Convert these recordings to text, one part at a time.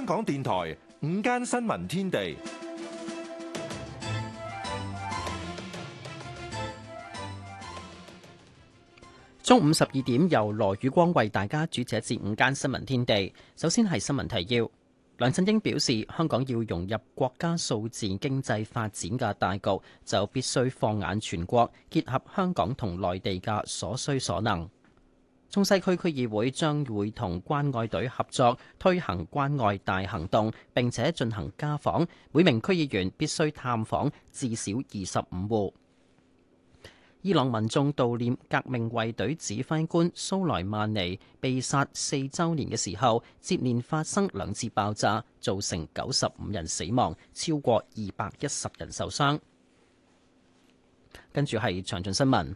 香港電台午間新聞天地，中午十二點由羅宇光為大家主持。至午間新聞天地，首先係新聞提要。梁振英表示，香港要融入國家數字經濟發展嘅大局，就必須放眼全國，結合香港同內地嘅所需所能。中西區區議會將會同關愛隊合作推行關愛大行動，並且進行家訪。每名區議員必須探訪至少二十五戶。伊朗民眾悼念革命衛隊指揮官蘇萊曼尼被殺四週年嘅時候，接連發生兩次爆炸，造成九十五人死亡，超過二百一十人受傷。跟住係詳盡新聞。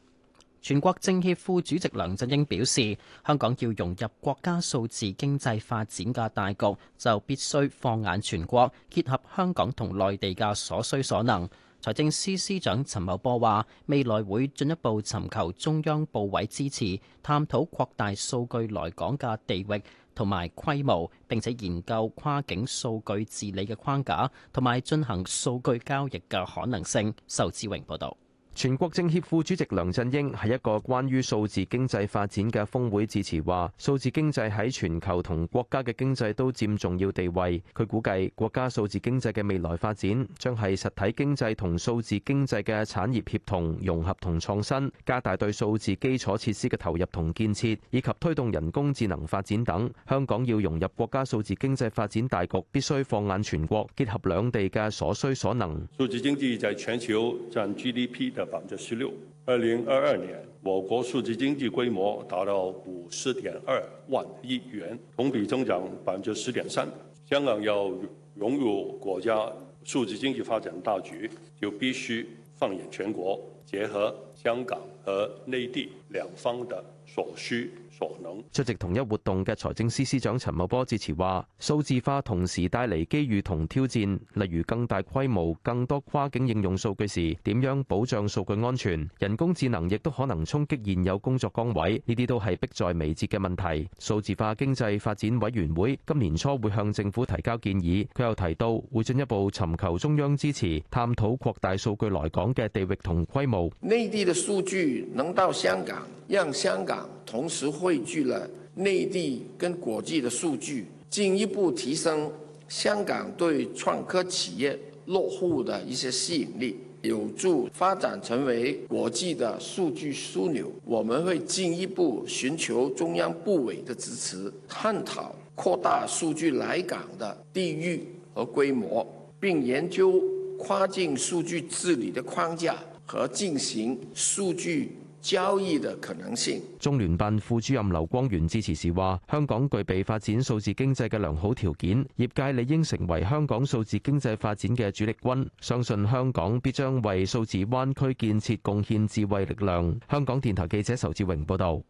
全國政協副主席梁振英表示，香港要融入國家數字經濟發展嘅大局，就必須放眼全國，結合香港同內地嘅所需所能。財政司司長陳茂波話，未來會進一步尋求中央部委支持，探討擴大數據來港嘅地域同埋規模，並且研究跨境數據治理嘅框架，同埋進行數據交易嘅可能性。仇志榮報導。全國政協副主席梁振英喺一個關於數字經濟發展嘅峰會致辭話：數字經濟喺全球同國家嘅經濟都佔重要地位。佢估計國家數字經濟嘅未來發展將係實體經濟同數字經濟嘅產業協同融合同創新，加大對數字基礎設施嘅投入同建設，以及推動人工智能發展等。香港要融入國家數字經濟發展大局，必須放眼全國，結合兩地嘅所需所能。數字經濟就係喺全球佔 GDP，百分之十六，二零二二年，我國數字經濟規模達到五十點二萬億元，同比增長百分之十點三。香港要融入國家數字經濟發展大局，就必須放眼全國，結合香港和內地兩方的所需。出席同一活動嘅財政司司長陳茂波致辭，話數字化同時帶嚟機遇同挑戰，例如更大規模、更多跨境應用數據時點樣保障數據安全？人工智能亦都可能衝擊現有工作崗位，呢啲都係迫在眉睫嘅問題。數字化經濟發展委員會今年初會向政府提交建議，佢又提到會進一步尋求中央支持，探討擴大數據來港嘅地域同規模。內地嘅數據能到香港，讓香港同時。匯聚了內地跟國際的數據，進一步提升香港對創科企業落戶的一些吸引力，有助發展成為國際的數據樞紐。我們會進一步尋求中央部委的支持，探討擴大數據來港的地域和規模，並研究跨境數據治理的框架和進行數據。交易的可能性。中聯辦副主任劉光源致辭時話，香港具備發展數字經濟嘅良好條件，業界理應成為香港數字經濟發展嘅主力軍，相信香港必將為數字灣區建設貢獻智慧力量。香港電台記者仇志榮報道。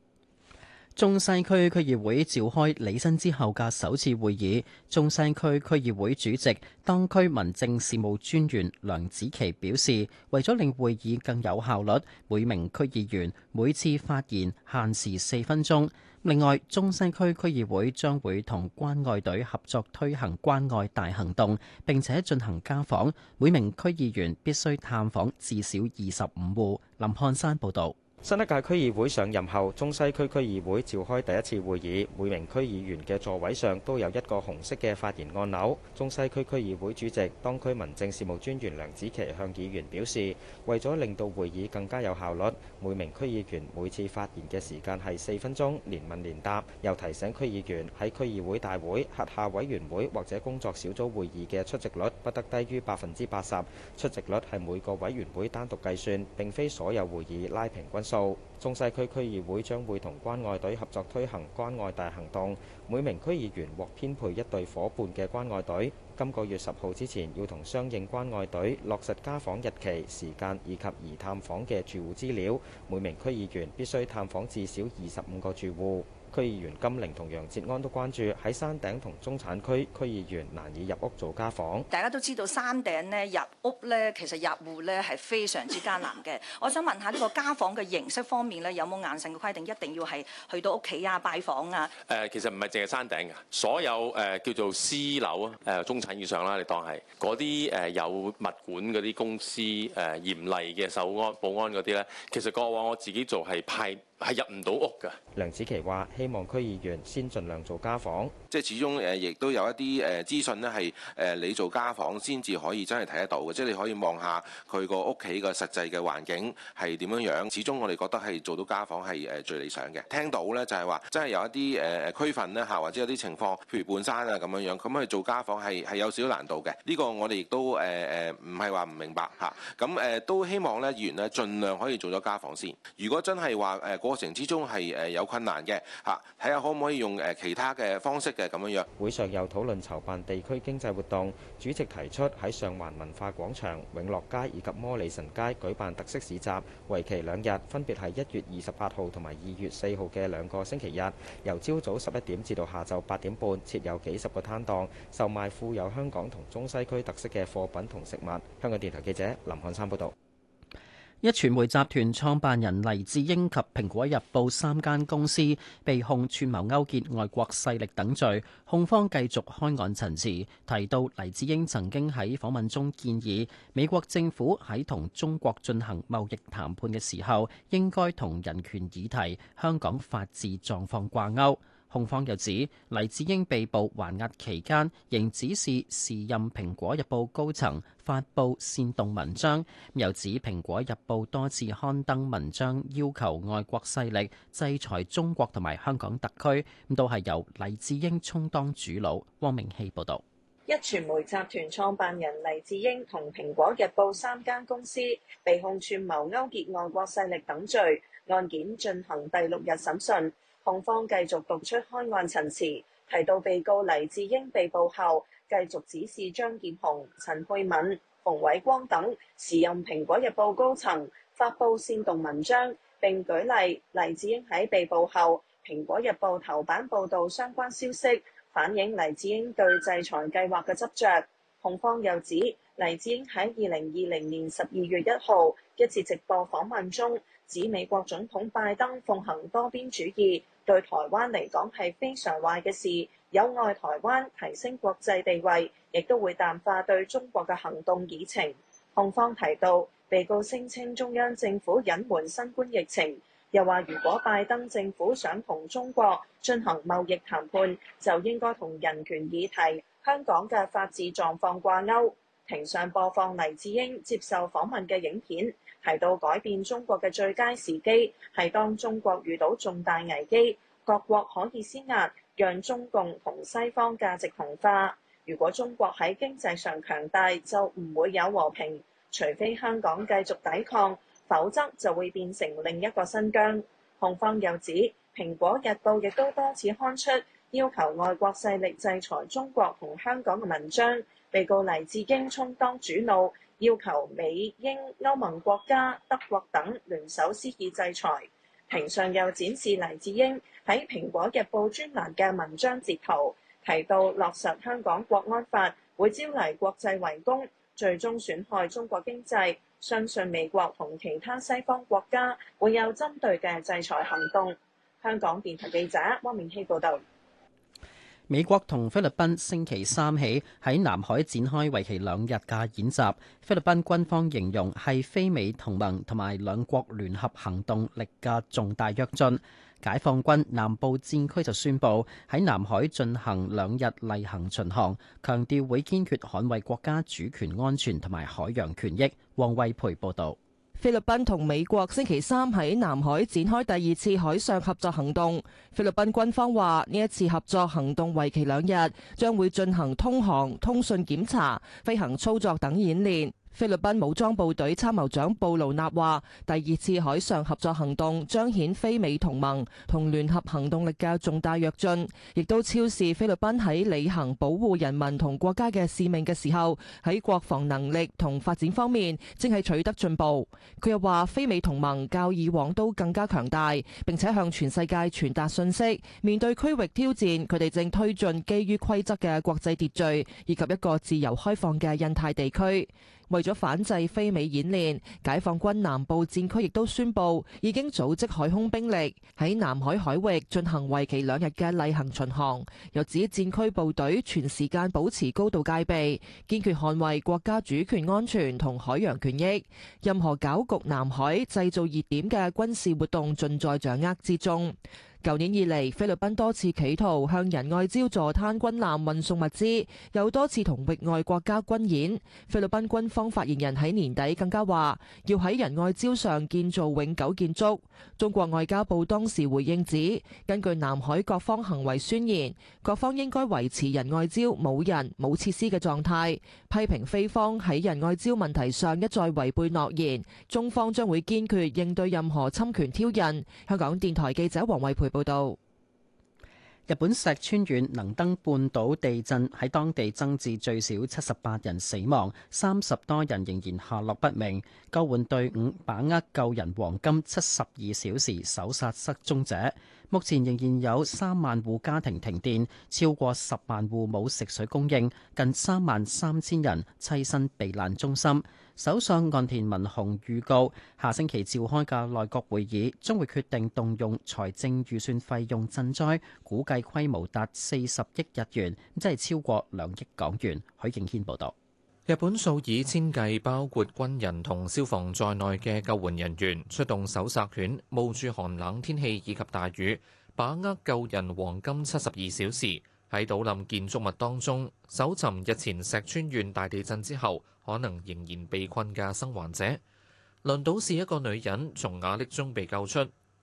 中西區區議會召開履新之後嘅首次會議，中西區區議會主席、當區民政事務專員梁子琪表示，為咗令會議更有效率，每名區議員每次發言限時四分鐘。另外，中西區區議會將會同關愛隊合作推行關愛大行動，並且進行家訪，每名區議員必須探訪至少二十五戶。林漢山報導。新一屆區議會上任後，中西區區議會召開第一次會議，每名區議員嘅座位上都有一個紅色嘅發言按鈕。中西區區議會主席、當區民政事務專員梁子琪向議員表示，為咗令到會議更加有效率，每名區議員每次發言嘅時間係四分鐘，連問連答。又提醒區議員喺區議會大會、轄下委員會或者工作小組會議嘅出席率不得低於百分之八十，出席率係每個委員會單獨計算，並非所有會議拉平均。到中西區區議會將會同關愛隊合作推行關愛大行動，每名區議員獲編配一隊伙伴嘅關愛隊，今個月十號之前要同相應關愛隊落實家訪日期、時間以及而探訪嘅住戶資料，每名區議員必須探訪至少二十五個住戶。區議員金玲同楊哲安都關注喺山頂同中產區區議員難以入屋做家訪。大家都知道山頂咧入屋咧，其實入戶咧係非常之艱難嘅。我想問下呢個家訪嘅形式方面咧，有冇硬性嘅規定一定要係去到屋企啊、拜訪啊？誒、呃，其實唔係淨係山頂嘅，所有誒、呃、叫做私樓啊，誒、呃、中產以上啦，你當係嗰啲誒有物管嗰啲公司誒、呃、嚴厲嘅守安保安嗰啲咧，其實過往我自己做係派。係入唔到屋㗎。梁子琪話：希望區議員先盡量做家訪。即係始終誒，亦都有一啲誒資訊咧，係誒你做家訪先至可以真係睇得到嘅。即係你可以望下佢個屋企個實際嘅環境係點樣樣。始終我哋覺得係做到家訪係誒最理想嘅。聽到呢就係話，真係有一啲誒區份呢，嚇，或者有啲情況，譬如半山啊咁樣樣，咁去做家訪係係有少少難度嘅。呢個我哋亦都誒誒唔係話唔明白嚇。咁誒都希望呢議員咧盡量可以做咗家訪先。如果真係話誒。過程之中係誒有困難嘅嚇，睇下可唔可以用誒其他嘅方式嘅咁樣樣。會上又討論籌辦地區經濟活動，主席提出喺上環文化廣場、永樂街以及摩利臣街舉辦特色市集，為期兩日，分別係一月二十八號同埋二月四號嘅兩個星期日，由朝早十一點至到下晝八點半，設有幾十個攤檔，售賣富有香港同中西區特色嘅貨品同食物。香港電台記者林漢山報導。一傳媒集團創辦人黎智英及蘋果日報三間公司被控串謀勾結外國勢力等罪，控方繼續開案陳詞，提到黎智英曾經喺訪問中建議，美國政府喺同中國進行貿易談判嘅時候，應該同人權議題、香港法治狀況掛鈎。控方又指黎智英被捕還押期間仍指示時任《蘋果日報》高層發佈煽動文章，又指《蘋果日報》多次刊登文章要求外國勢力制裁中國同埋香港特區，咁都係由黎智英充當主腦。汪明熙報道。一傳媒集團創辦人黎智英同《蘋果日報》三間公司被控串謀勾結外國勢力等罪，案件進行第六日審訊。控方繼續讀出開案陳詞，提到被告黎智英被捕後，繼續指示張劍虹、陳佩敏、馮偉光等時任《蘋果日報》高層發布煽動文章。並舉例黎智英喺被捕後，《蘋果日報》頭版報導相關消息，反映黎智英對制裁計劃嘅執着。控方又指黎智英喺二零二零年十二月一號一次直播訪問中，指美國總統拜登奉行多邊主義。對台灣嚟講係非常壞嘅事，有礙台灣提升國際地位，亦都會淡化對中國嘅行動議程。控方提到被告聲稱中央政府隱瞞新冠疫情，又話如果拜登政府想同中國進行貿易談判，就應該同人權議題、香港嘅法治狀況掛鈎。庭上播放黎智英接受訪問嘅影片。提到改變中國嘅最佳時機係當中國遇到重大危機，各國可以施壓，讓中共同西方價值同化。如果中國喺經濟上強大，就唔會有和平，除非香港繼續抵抗，否則就會變成另一個新疆。控方又指，《蘋果日報》亦都多次刊出要求外國勢力制裁中國同香港嘅文章，被告黎智英充當主腦。要求美英、歐盟國家、德國等聯手施以制裁。庭上又展示黎智英喺《蘋果日報》專欄嘅文章截圖，提到落實香港國安法會招嚟國際圍攻，最終損害中國經濟，相信美國同其他西方國家會有針對嘅制裁行動，香港電台記者汪明希報道。美國同菲律賓星期三起喺南海展開為期兩日嘅演習。菲律賓軍方形容係非美同盟同埋兩國聯合行動力嘅重大躍進。解放軍南部戰區就宣布喺南海進行兩日例行巡航，強調會堅決捍衛國家主權安全同埋海洋權益。王衛培報道。菲律賓同美國星期三喺南海展開第二次海上合作行動。菲律賓軍方話，呢一次合作行動為期兩日，將會進行通航、通訊檢查、飛行操作等演練。菲律賓武裝部隊參謀長布勞納話，第二次海上合作行動彰顯非美同盟同聯合行動力嘅重大躍進，亦都超視菲律賓喺履行保護人民同國家嘅使命嘅時候喺國防能力同發展方面正係取得進步。佢又話，非美同盟較以往都更加強大，並且向全世界傳達信息，面對區域挑戰，佢哋正推進基於規則嘅國際秩序以及一個自由開放嘅印太地區。為咗反制非美演練，解放軍南部戰區亦都宣布，已經組織海空兵力喺南海海域進行為期兩日嘅例行巡航，又指戰區部隊全時間保持高度戒備，堅決捍衛國家主權安全同海洋權益，任何攪局南海、製造熱點嘅軍事活動盡在掌握之中。舊年以嚟，菲律賓多次企圖向仁愛礁坐灘軍艦運送物資，又多次同域外國家軍演。菲律賓軍方發言人喺年底更加話，要喺仁愛礁上建造永久建築。中國外交部當時回應指，根據南海各方行為宣言，各方應該維持仁愛礁冇人冇設施嘅狀態，批評菲方喺仁愛礁問題上一再違背諾言，中方將會堅決應對任何侵權挑釁。香港電台記者黃慧培。報道：日本石川縣能登半島地震喺當地增至最少七十八人死亡，三十多人仍然下落不明。救援隊伍把握救人黃金七十二小時，搜索失蹤者。目前仍然有三萬戶家庭停電，超過十萬戶冇食水供應，近三萬三千人棲身避難中心。首相岸田文雄預告，下星期召開嘅內閣會議將會決定動用財政預算費用賑災，估計規模達四十億日元，即係超過兩億港元。許敬軒報導，日本數以千計，包括軍人同消防在內嘅救援人員出動搜救犬，冒住寒冷天氣以及大雨，把握救人黃金七十二小時。喺島冧建築物當中搜尋日前石川縣大地震之後可能仍然被困嘅生還者。輪島市一個女人從瓦礫中被救出，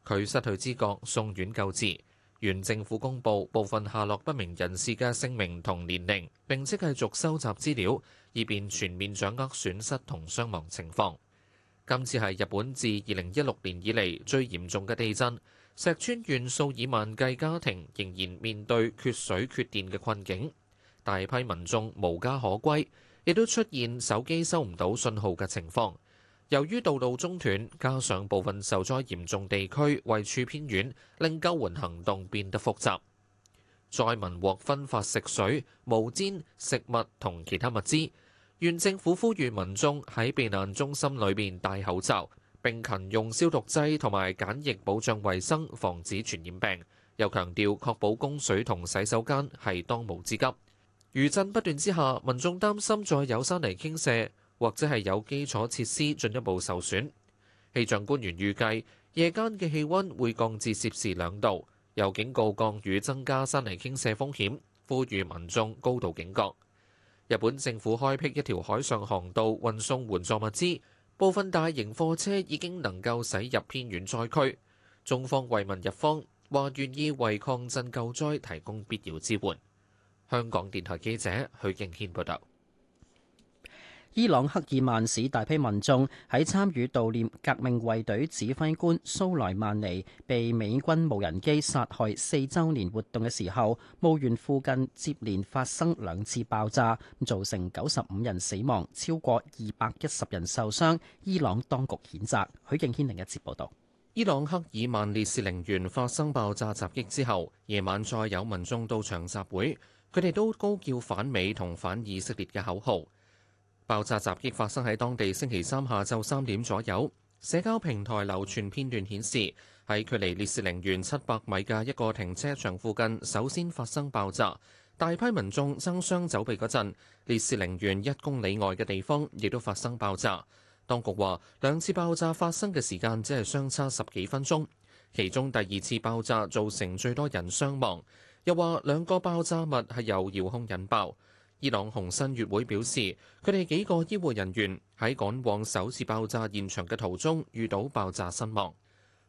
佢失去知覺，送院救治。原政府公布部分下落不明人士嘅姓名同年齡，並繼續收集資料，以便全面掌握損失同傷亡情況。今次係日本自二零一六年以嚟最嚴重嘅地震。石川縣數以萬計家庭仍然面對缺水缺電嘅困境，大批民眾無家可歸，亦都出現手機收唔到信號嘅情況。由於道路中斷，加上部分受災嚴重地區位處偏遠，令救援行動變得複雜。災民獲分發食水、毛氈食物同其他物資。縣政府呼籲民眾喺避難中心裏邊戴口罩。並勤用消毒劑同埋簡易保障衞生，防止傳染病。又強調確保供水同洗手間係當務之急。餘震不斷之下，民眾擔心再有山泥傾瀉，或者係有基礎設施進一步受損。氣象官員預計夜間嘅氣温會降至攝氏兩度，又警告降雨增加山泥傾瀉風險，呼籲民眾高度警覺。日本政府開闢一條海上航道，運送援助物資。部分大型貨車已經能夠駛入偏遠災區，中方慰問日方，話願意為抗震救災提供必要支援。香港電台記者許敬軒報道。伊朗克爾曼市大批民眾喺參與悼念革命衛隊指揮官蘇萊曼尼被美軍無人機殺害四周年活動嘅時候，墓園附近接連發生兩次爆炸，造成九十五人死亡，超過二百一十人受傷。伊朗當局譴責。許敬軒另一節報道：伊朗克爾曼烈士陵園發生爆炸襲擊之後，夜晚再有民眾到場集會，佢哋都高叫反美同反以色列嘅口號。爆炸襲擊發生喺當地星期三下晝三點左右。社交平台流傳片段顯示，喺距離烈士陵園七百米嘅一個停車場附近，首先發生爆炸。大批民眾爭相走避嗰陣，烈士陵園一公里外嘅地方亦都發生爆炸。當局話，兩次爆炸發生嘅時間只係相差十幾分鐘，其中第二次爆炸造成最多人傷亡。又話兩個爆炸物係由遙控引爆。伊朗紅新月會表示，佢哋幾個醫護人員喺趕往首次爆炸現場嘅途中遇到爆炸身亡。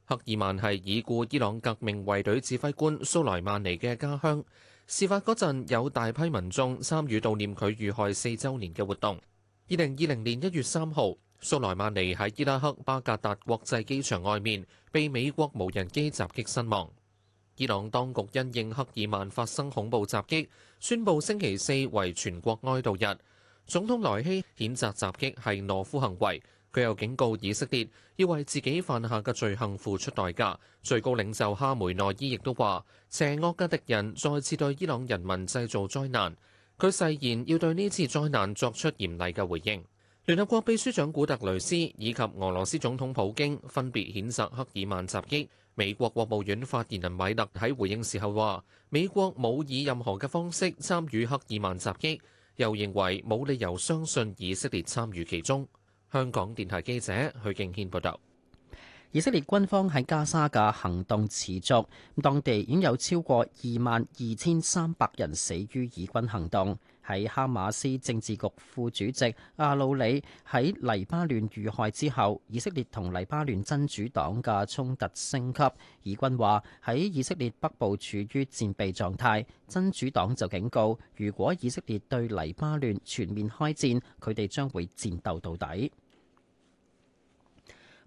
克爾曼係已故伊朗革命衛隊指揮官蘇萊曼尼嘅家鄉，事發嗰陣有大批民眾參與悼念佢遇害四週年嘅活動。二零二零年一月三號，蘇萊曼尼喺伊拉克巴格達國際機場外面被美國無人機襲擊身亡。伊朗當局因應克爾曼發生恐怖襲擊，宣布星期四為全國哀悼日。總統萊希譴責襲擊係懦夫行為，佢又警告以色列要為自己犯下嘅罪行付出代價。最高領袖哈梅內伊亦都話，邪惡嘅敵人再次對伊朗人民製造災難，佢誓言要對呢次災難作出嚴厲嘅回應。聯合國秘書長古特雷斯以及俄羅斯總統普京分別譴責克爾曼襲擊。美國國務院發言人米勒喺回應時候話，美國冇以任何嘅方式參與克爾曼襲擊，又認為冇理由相信以色列參與其中。香港電台記者許敬軒報道，以色列軍方喺加沙嘅行動持續，當地已經有超過二萬二千三百人死於以軍行動。喺哈馬斯政治局副主席阿魯里喺黎巴嫩遇害之後，以色列同黎巴嫩真主黨嘅衝突升級。以軍話，喺以色列北部處於戰備狀態，真主黨就警告，如果以色列對黎巴嫩全面開戰，佢哋將會戰鬥到底。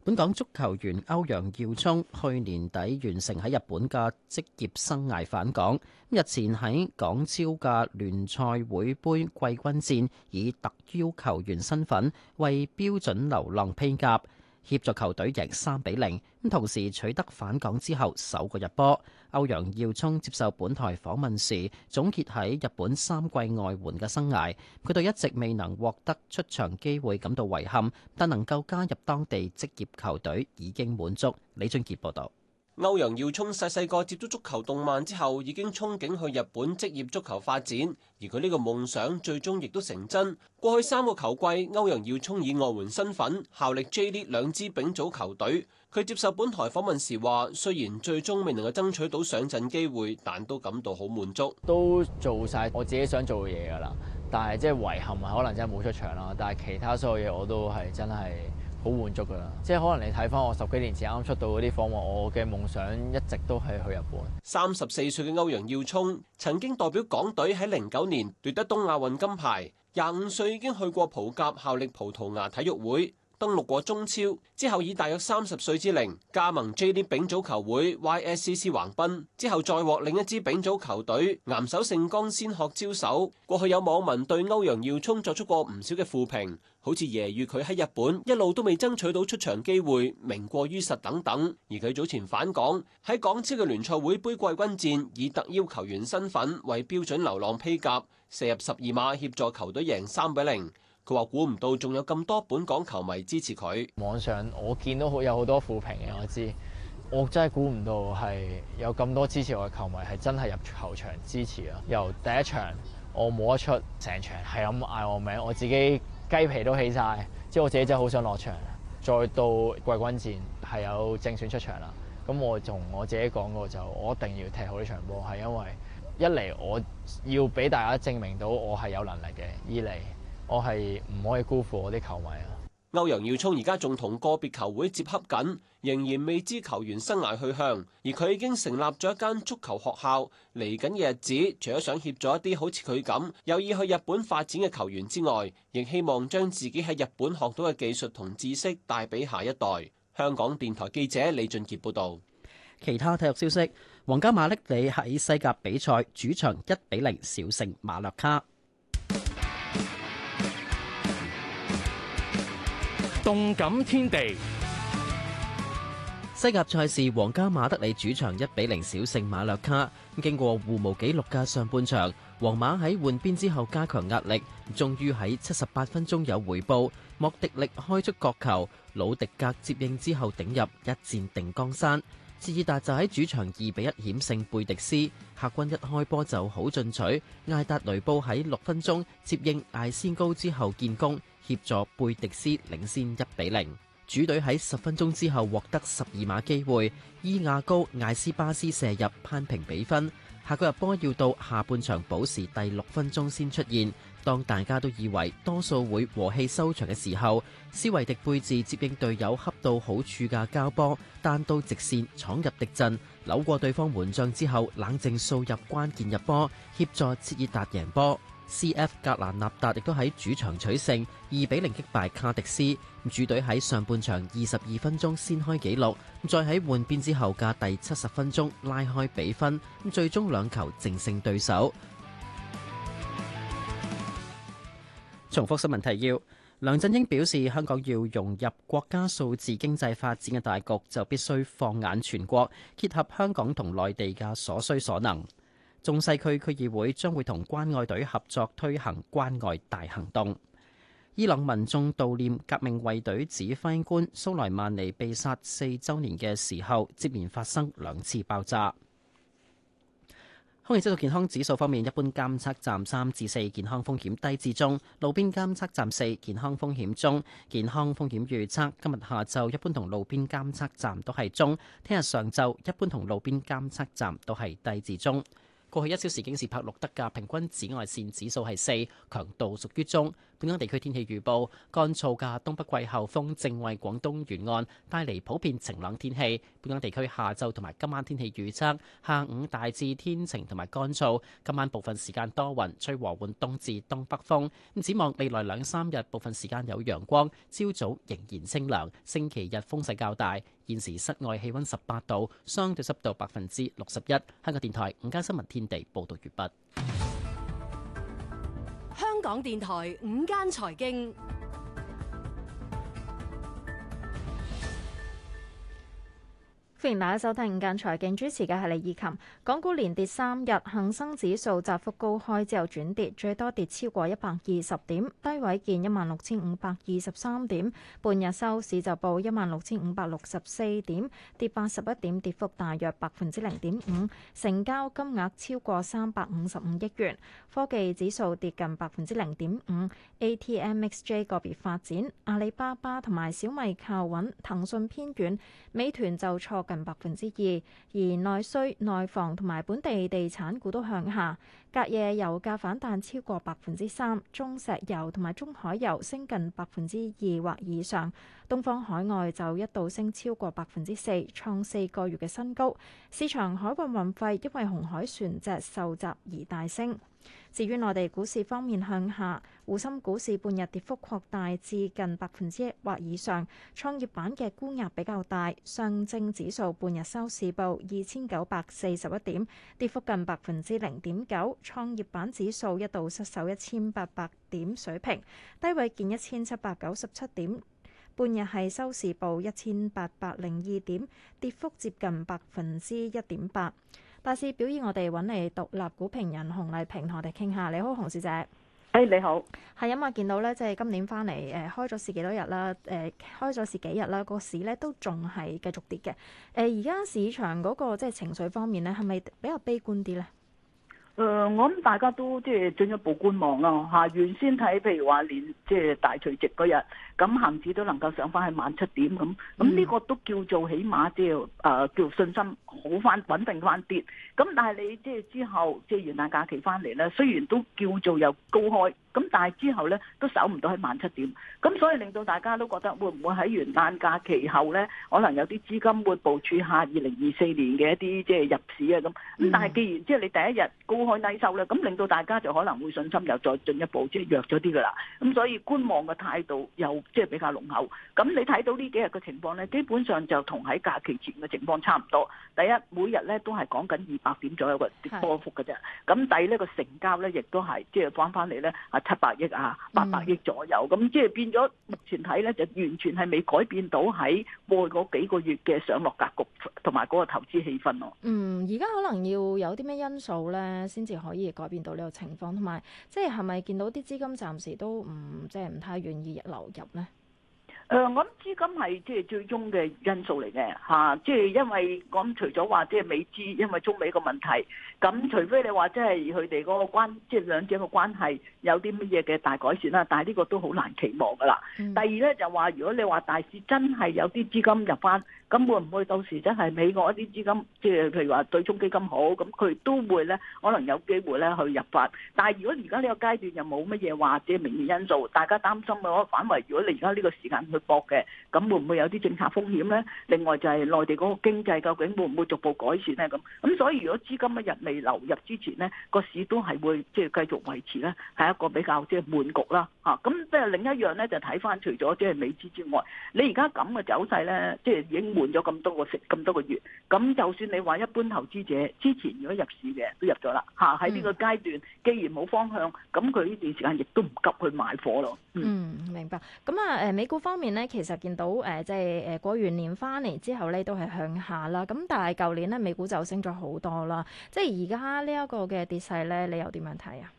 本港足球員歐陽耀沖去年底完成喺日本嘅職業生涯返港，日前喺港超嘅聯賽會杯季軍戰，以特邀球員身份為標準流浪披甲，協助球隊贏三比零，咁同時取得返港之後首個入波。歐陽耀聰接受本台訪問時，總結喺日本三季外援嘅生涯，佢對一直未能獲得出場機會感到遺憾，但能夠加入當地職業球隊已經滿足。李俊杰報道。歐陽耀聰細細個接觸足球動漫之後，已經憧憬去日本職業足球發展，而佢呢個夢想最終亦都成真。過去三個球季，歐陽耀聰以外援身份效力 J 聯賽兩支丙組球隊。佢接受本台訪問時話：雖然最終未能夠爭取到上陣機會，但都感到好滿足。都做晒我自己想做嘅嘢噶啦，但係即係遺憾係可能真係冇出場啦。但係其他所有嘢我都係真係。好滿足噶啦，即係可能你睇翻我十幾年前啱出道嗰啲訪話，我嘅夢想一直都係去日本。三十四歲嘅歐陽耀沖曾經代表港隊喺零九年奪得東亞運金牌，廿五歲已經去過葡甲效力葡萄牙體育會，登陸過中超，之後以大約三十歲之齡加盟 JD 丙組球會 YSCC 橫濱，之後再獲另一支丙組球隊岩手盛岡仙鶴招手。過去有網民對歐陽耀沖作出過唔少嘅負評。好似揶揄佢喺日本一路都未爭取到出場機會名過於實等等。而佢早前返港喺港超嘅聯賽會杯季軍戰以特邀球員身份為標準流浪披甲射入十二碼協助球隊贏三比零。佢話估唔到仲有咁多本港球迷支持佢。網上我見到好有好多負評嘅，我知我真係估唔到係有咁多支持我嘅球迷係真係入球場支持啊！由第一場我冇得出，成場係咁嗌我名，我自己。雞皮都起晒，即係我自己真係好想落場。再到季軍戰係有正選出場啦，咁我同我自己講過就，我一定要踢好呢場波，係因為一嚟我要俾大家證明到我係有能力嘅，二嚟我係唔可以辜負我啲球迷啊。歐陽耀聰而家仲同個別球會接洽緊，仍然未知球員生涯去向。而佢已經成立咗一間足球學校，嚟緊嘅日子，除咗想協助一啲好似佢咁有意去日本發展嘅球員之外，亦希望將自己喺日本學到嘅技術同知識帶俾下一代。香港電台記者李俊杰報道。其他體育消息：皇家馬力里喺西甲比賽主場一比零小勝馬略卡。動感天地，西甲賽事，皇家馬德里主場一比零小勝馬略卡。經過互無紀錄嘅上半場，皇馬喺換邊之後加強壓力，終於喺七十八分鐘有回報。莫迪力開出角球，魯迪格接應之後頂入，一戰定江山。切爾達就喺主場二比一險勝貝迪斯，客軍一開波就好進取。艾達雷布喺六分鐘接應艾仙高之後建功。協助貝迪斯領先一比零，主隊喺十分鐘之後獲得十二碼機會，伊亞高艾斯巴斯射入扳平比分。下個入波要到下半場補時第六分鐘先出現。當大家都以為多數會和氣收場嘅時候，斯維迪貝治接應隊友恰到好處嘅交波，單刀直線闖入敵陣，扭過對方門將之後，冷靜掃入關鍵入波，協助切爾達贏波。C.F. 格蘭納達亦都喺主場取勝，二比零擊敗卡迪斯。主隊喺上半場二十二分鐘先開紀錄，再喺換邊之後嘅第七十分鐘拉開比分，最終兩球淨勝對手。重複新聞提要：梁振英表示，香港要融入國家數字經濟發展嘅大局，就必須放眼全國，結合香港同內地嘅所需所能。中西區區議會將會同關愛隊合作推行關愛大行動。伊朗民眾悼念革命衛隊指揮官蘇萊曼尼被殺四周年嘅時候，接連發生兩次爆炸。空氣質素健康指數方面，一般監測站三至四，健康風險低至中；路邊監測站四，健康風險中。健康風險預測，今日下晝一般同路邊監測站都係中，聽日上晝一般同路邊監測站都係低至中。過去一小時，京士柏錄得嘅平均紫外線指數係四，強度屬於中。本港地區天氣預報：乾燥嘅東北季候風正為廣東沿岸帶嚟普遍晴朗天氣。本港地區下晝同埋今晚天氣預測：下午大致天晴同埋乾燥，今晚部分時間多雲，吹和緩東至東北風。咁展望未來兩三日，部分時間有陽光，朝早仍然清涼。星期日風勢較大。現時室外氣温十八度，相對濕度百分之六十一。香港電台午間新聞天地報道完畢。港電台午間財經。歡迎大家收聽今日財經，主持嘅係李以琴。港股連跌三日，恒生指數窄幅高開之後轉跌，最多跌超過一百二十點，低位見一萬六千五百二十三點。半日收市就報一萬六千五百六十四點，跌八十一點，跌幅大約百分之零點五。成交金額超過三百五十五億元。科技指數跌近百分之零點五。ATMXJ 個別發展，阿里巴巴同埋小米靠穩，騰訊偏軟，美團就錯百分之二，而內需、內房同埋本地地產股都向下。隔夜油價反彈超過百分之三，中石油同埋中海油升近百分之二或以上，東方海外就一度升超過百分之四，創四個月嘅新高。市場海運運費因為紅海船隻受襲而大升。至於內地股市方面向下，滬深股市半日跌幅擴大至近百分之一或以上，創業板嘅沽壓比較大，上證指數半日收市報二千九百四十一點，跌幅近百分之零點九。創業板指數一度失守一千八百點水平，低位見一千七百九十七點，半日係收市報一千八百零二點，跌幅接近百分之一點八。大市表現，我哋揾嚟獨立股評人洪麗萍同我哋傾下。你好，洪小姐。誒，hey, 你好。係啊嘛，見到呢，即係今年翻嚟誒，開咗市、呃、市幾多日啦？誒，開咗市幾日啦？個市呢都仲係繼續跌嘅。誒、呃，而家市場嗰、嗰個即係情緒方面呢，係咪比較悲觀啲呢？誒、呃，我諗大家都即係進一步觀望咯，啊、嚇、啊。原先睇譬如話連即係大除夕嗰日，咁恆指都能夠上翻去萬七點咁，咁呢個都叫做起碼即係誒叫信心好翻穩定翻啲。咁但係你即係之後即係元旦假期翻嚟咧，雖然都叫做有高開。咁但係之後咧都守唔到喺萬七點，咁所以令到大家都覺得會唔會喺元旦假期後咧，可能有啲資金會部署下二零二四年嘅一啲即係入市啊咁。咁但係既然即係、就是、你第一日高開低收咧，咁令到大家就可能會信心又再進一步即係、就是、弱咗啲噶啦。咁所以觀望嘅態度又即係、就是、比較濃厚。咁你睇到呢幾日嘅情況咧，基本上就同喺假期前嘅情況差唔多。第一，每日咧都係講緊二百點左右嘅波幅嘅啫。咁是的 第二呢個成交咧亦都係即係翻翻嚟咧七百億啊，八百億左右，咁、嗯、即係變咗目前睇咧，就完全係未改變到喺過去嗰幾個月嘅上落格局同埋嗰個投資氣氛咯、啊。嗯，而家可能要有啲咩因素咧，先至可以改變到呢個情況，同埋即係係咪見到啲資金暫時都唔即係唔太願意流入咧？誒、呃，我諗資金係即係最終嘅因素嚟嘅嚇，即、啊、係、就是、因為咁除咗話即係美資，因為中美個問題，咁除非你話即係佢哋嗰個關，即係兩者個關係，就是、關係有啲乜嘢嘅大改善啦，但係呢個都好難期望㗎喇。嗯、第二咧就話，如果你話大市真係有啲資金入翻。咁會唔會到時真係美國一啲資金，即係譬如話對沖基金好，咁佢都會咧可能有機會咧去入發。但係如果而家呢個階段又冇乜嘢話，即係明顯因素，大家擔心嘅話，反為如果你而家呢個時間去搏嘅，咁會唔會有啲政策風險咧？另外就係內地嗰個經濟究竟會唔會逐步改善咧？咁咁所以如果資金一日未流入之前咧，個市都係會即係繼續維持咧，係一個比較即係悶局啦。嚇咁即係另一樣咧，就睇翻除咗即係美資之外，你而家咁嘅走勢咧，即係已經沒咗咁多個咁多個月，咁就算你話一般投資者之前如果入市嘅都入咗啦，吓，喺呢個階段，既然冇方向，咁佢呢段時間亦都唔急去買貨咯。嗯，嗯，明白。咁啊，誒、呃，美股方面咧，其實見到誒，即係誒，過完年翻嚟之後咧，都係向下啦。咁但係舊年咧，美股就升咗好多啦。即係而家呢一個嘅跌勢咧，你又點樣睇啊？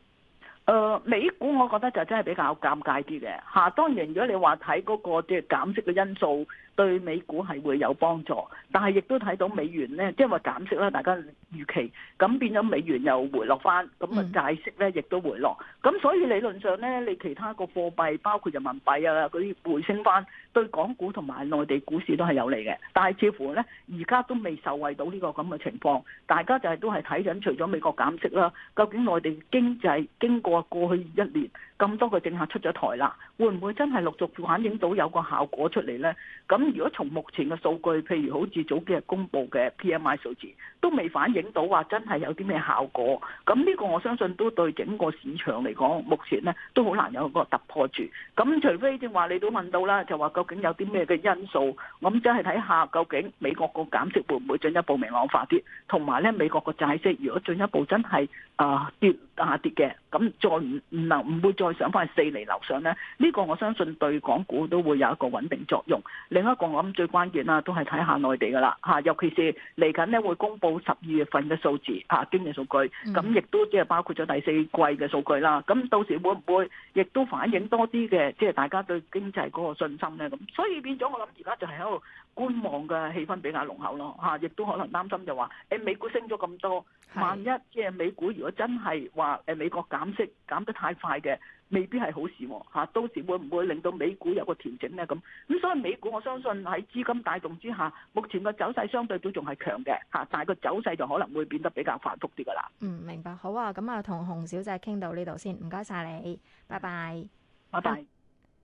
誒、呃，美股我覺得就真係比較尷尬啲嘅吓。當然，如果你話睇嗰個即係減息嘅因素。對美股係會有幫助，但係亦都睇到美元咧，即係話減息啦，大家預期，咁變咗美元又回落返，咁啊債息咧亦都回落，咁所以理論上咧，你其他個貨幣包括人民幣啊嗰啲回升返，對港股同埋內地股市都係有利嘅。但係似乎咧，而家都未受惠到呢個咁嘅情況，大家就係都係睇緊，除咗美國減息啦，究竟內地經濟經過過去一年咁多個政策出咗台啦，會唔會真係陸續反映到有個效果出嚟呢？咁如果從目前嘅數據，譬如好似早幾日公布嘅 PMI 數字，都未反映到話真係有啲咩效果。咁呢個我相信都對整個市場嚟講，目前呢都好難有個突破住。咁除非正話你都問到啦，就話究竟有啲咩嘅因素？咁即係睇下究竟美國個減息會唔會進一步明朗化啲？同埋呢美國個債息，如果進一步真係啊跌下跌嘅。咁再唔唔能唔會再上翻四厘樓上咧？呢、這個我相信對港股都會有一個穩定作用。另一個我諗最關鍵啦，都係睇下內地噶啦嚇，尤其是嚟緊咧會公布十二月份嘅數字嚇、啊、經濟數據，咁亦都即係包括咗第四季嘅數據啦。咁到時會唔會亦都反映多啲嘅即係大家對經濟嗰個信心咧？咁所以變咗我諗而家就係喺度，觀望嘅氣氛比較濃厚咯，嚇，亦都可能擔心就話誒、哎，美股升咗咁多，萬一即係美股如果真係話誒美國減息減得太快嘅，未必係好事喎、啊、到時會唔會令到美股有個調整咧？咁、嗯、咁所以美股我相信喺資金帶動之下，目前個走勢相對都仲係強嘅嚇，但係個走勢就可能會變得比較繁複啲噶啦。嗯，明白好啊，咁啊，同洪小姐傾到呢度先，唔該晒你，拜拜，拜拜。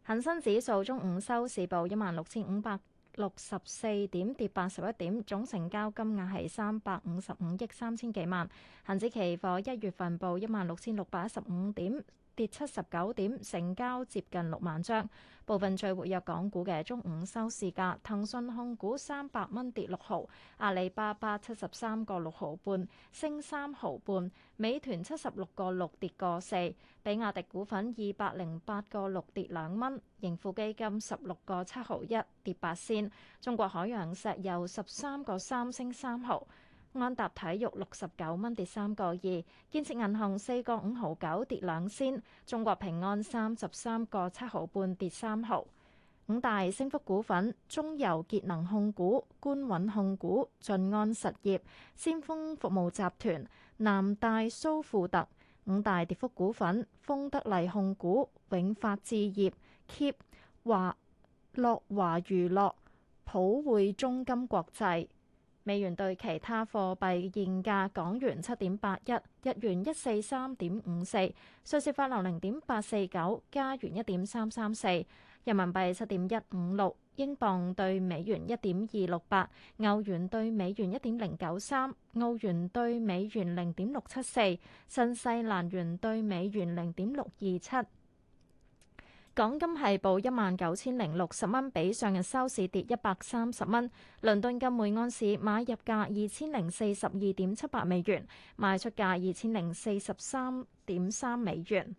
恆生指數中午收市報一萬六千五百。六十四點，跌八十一點，總成交金額係三百五十五億三千幾萬。恒指期貨一月份報一萬六千六百一十五點。跌七十九點，成交接近六萬張。部分最活躍港股嘅中午收市價，騰訊控股三百蚊跌六毫，阿里巴巴七十三個六毫半升三毫半，美團七十六個六跌個四，比亞迪股份二百零八個六跌兩蚊，盈富基金十六個七毫一跌八仙，中國海洋石油十三個三升三毫。安踏體育六十九蚊跌三個二，建設銀行四個五毫九跌兩仙，中國平安三十三個七毫半跌三毫。五大升幅股份：中油潔能控股、官穩控股、晉安實業、先鋒服務集團、南大蘇富特。五大跌幅股份：豐德麗控股、永發置業、Keep 華樂華娛樂、普匯中金國際。美元兌其他貨幣現價：港元七點八一，日元一四三點五四，瑞士法郎零點八四九，加元一點三三四，人民幣七點一五六，英鎊對美元一點二六八，歐元對美元一點零九三，澳元對美元零點六七四，新西蘭元對美元零點六二七。港金係報一萬九千零六十蚊，比上日收市跌一百三十蚊。倫敦金每安士買入價二千零四十二點七八美元，賣出價二千零四十三點三美元。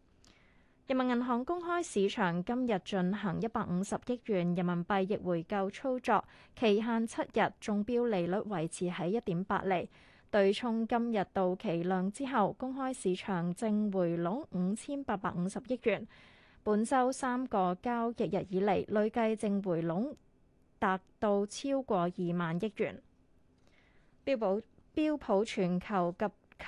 人民銀行公開市場今日進行一百五十億元人民幣逆回購操作，期限七日，中標利率維持喺一點八厘。對沖今日到期量之後，公開市場正回籠五千八百五十億元。本周三個交易日以嚟，累計淨回籠達到超過二萬億元。標普標普全球及，及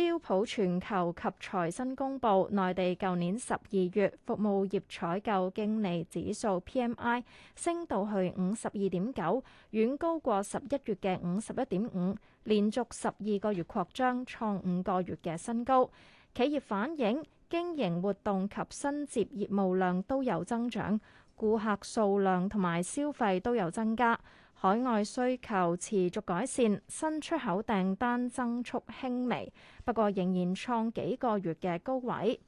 標普全球及財新公佈，內地舊年十二月服務業採購經理指數 PMI 升到去五十二點九，遠高過十一月嘅五十一點五，連續十二個月擴張，創五個月嘅新高。企業反映。經營活動及新接業務量都有增長，顧客數量同埋消費都有增加，海外需求持續改善，新出口訂單增速輕微，不過仍然創幾個月嘅高位。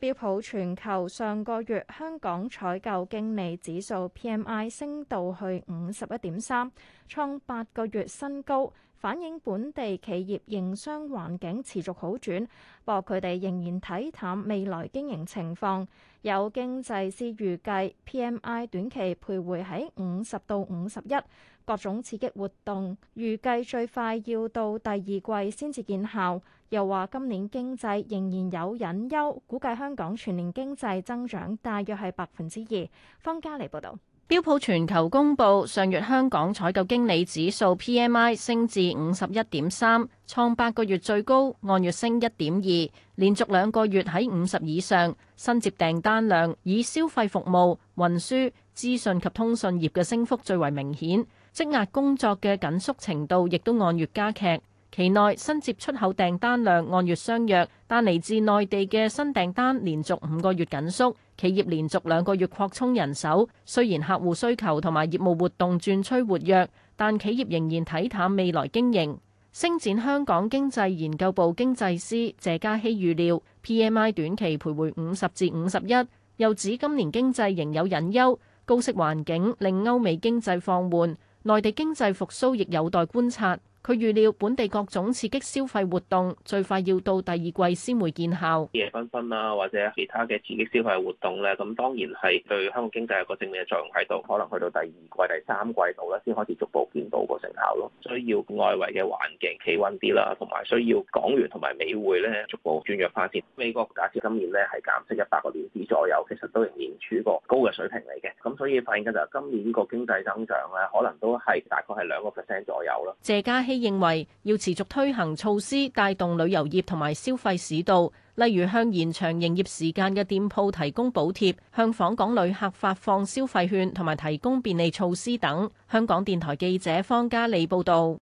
標普全球上個月香港採購經理指數 PMI 升到去五十一點三，創八個月新高。反映本地企業營商環境持續好轉，不過佢哋仍然睇淡未來經營情況。有經濟師預計 PMI 短期徘徊喺五十到五十一，51，各種刺激活動預計最快要到第二季先至見效。又話今年經濟仍然有隱憂，估計香港全年經濟增長大約係百分之二。方嘉莉報導。標普全球公布上月香港採購經理指數 （PMI） 升至五十一點三，創八個月最高，按月升一點二，連續兩個月喺五十以上。新接訂單量以消費服務、運輸、資訊及通訊業嘅升幅最為明顯，積壓工作嘅緊縮程度亦都按月加劇。期內新接出口訂單量按月相約，但嚟自內地嘅新訂單連續五個月緊縮。企業連續兩個月擴充人手，雖然客戶需求同埋業務活動轉趨活躍，但企業仍然睇淡未來經營。星展香港經濟研究部經濟師謝家熙預料 P M I 短期徘徊五十至五十一，51，又指今年經濟仍有隱憂，高息環境令歐美經濟放緩，內地經濟復甦亦有待觀察。佢預料本地各種刺激消費活動最快要到第二季先會見效，夜繽紛啦，或者其他嘅刺激消費活動咧，咁當然係對香港經濟係個正面嘅作用喺度，可能去到第二季、第三季度咧先開始逐步見到個成效咯。需要外圍嘅環境企穩啲啦，同埋需要港元同埋美匯咧逐步轉弱翻先。美國假設今年咧係減息一百個點子左右，其實都仍然處於個高嘅水平嚟嘅，咁所以反映嘅就今年個經濟增長咧可能都係大概係兩個 percent 左右咯。謝家興。認為要持續推行措施帶動旅遊業同埋消費市道，例如向延長營業時間嘅店鋪提供補貼，向訪港旅客發放消費券同埋提供便利措施等。香港電台記者方嘉利報道。